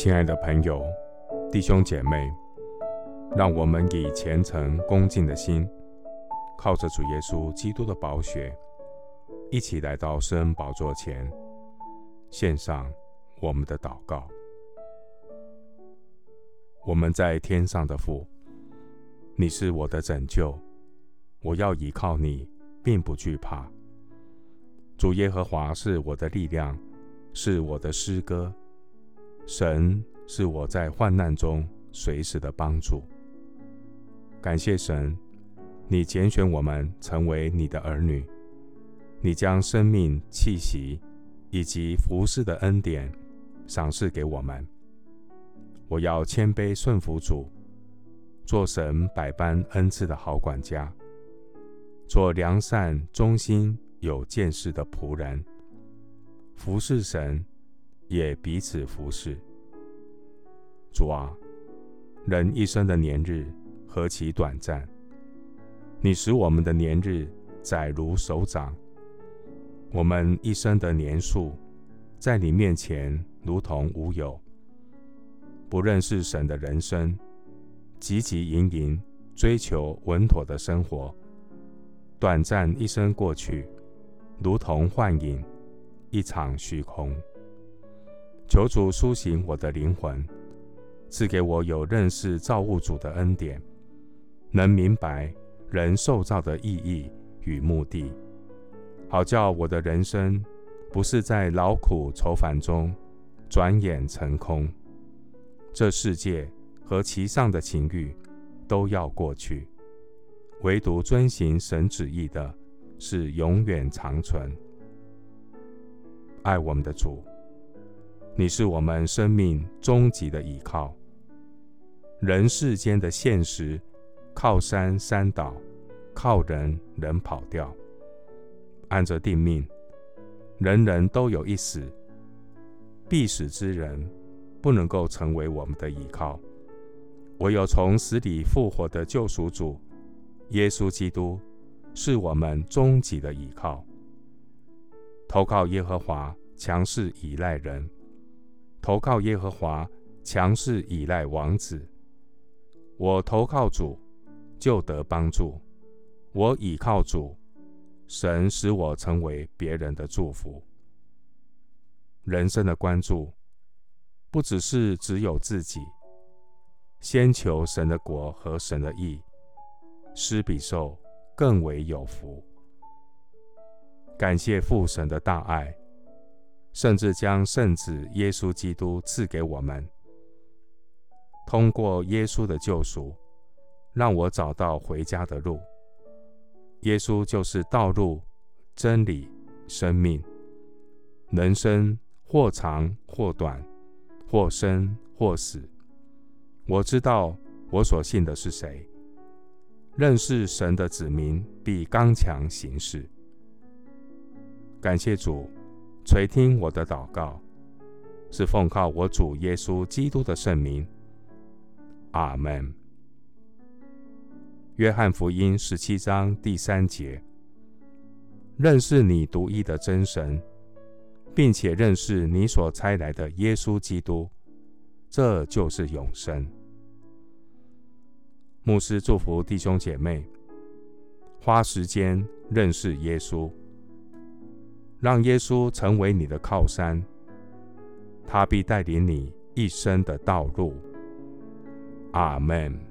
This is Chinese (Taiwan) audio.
親愛的朋友、弟兄姐妹，讓我們以虔誠恭敬的心，靠着主耶穌基督的寶血，一起來到施恩寶座前，獻上我們的禱告。我們在天上的父，你是我的拯救，我要依靠你，並不懼怕。主耶和華是我的力量，是我的詩歌。神是我在患難中隨時的幫助，感謝神，你揀選我們成為你的兒女，你將生命氣息以及服侍的恩典賞賜給我們。我要謙卑順服主，做神百般恩賜的好管家，做良善、忠心、有見識的僕人，服侍神。也彼此服侍。主啊，人一生的年日何其短暫！你使我們的年日窄如手掌，我們一生的年數，在你面前如同無有。不認識神的人生，汲汲營營追求穩妥的生活，短暫一生過去，如同幻影，一場虛空。求主蘇醒我的靈魂，賜給我有認識造物主的恩典，能明白人受造的意義與目的，好叫我的人生不是在勞苦愁煩中轉眼成空。這世界和其上的情欲都要過去，唯獨遵行神旨意的是永遠長存。愛我們的主。你是我們生命終極的依靠。人世間的現實，靠山山倒，靠人人跑掉。按着定命，人人都有一死，必死之人不能夠成為我們的依靠。唯有從死裡復活的救贖主耶穌基督，是我們終極的依靠。投靠耶和華，強勢依賴人。投靠耶和華，強勢倚賴王子。我投靠主，就得幫助；我倚靠主，神使我成為別人的祝福。人生的關注，不只是只有自己。先求神的國和神的義，施比受更為有福。感謝父神的大愛。甚至將聖子耶穌基督賜給我們，通過耶穌的救贖，讓我找到回家的路。耶穌就是道路、真理、生命。人生或長或短，或生或死，我知道我所信的是誰。認識神的子民必剛強行事。感謝主。垂聽我的禱告，是奉靠我主耶穌基督的聖名。阿門。約翰福音十七章第三節：認識你獨一的真神，並且認識你所差來的耶穌基督，這就是永生。牧師祝福弟兄姐妹，花時間認識耶穌。讓耶穌成為你的靠山，他必帶領你一生的道路。阿門。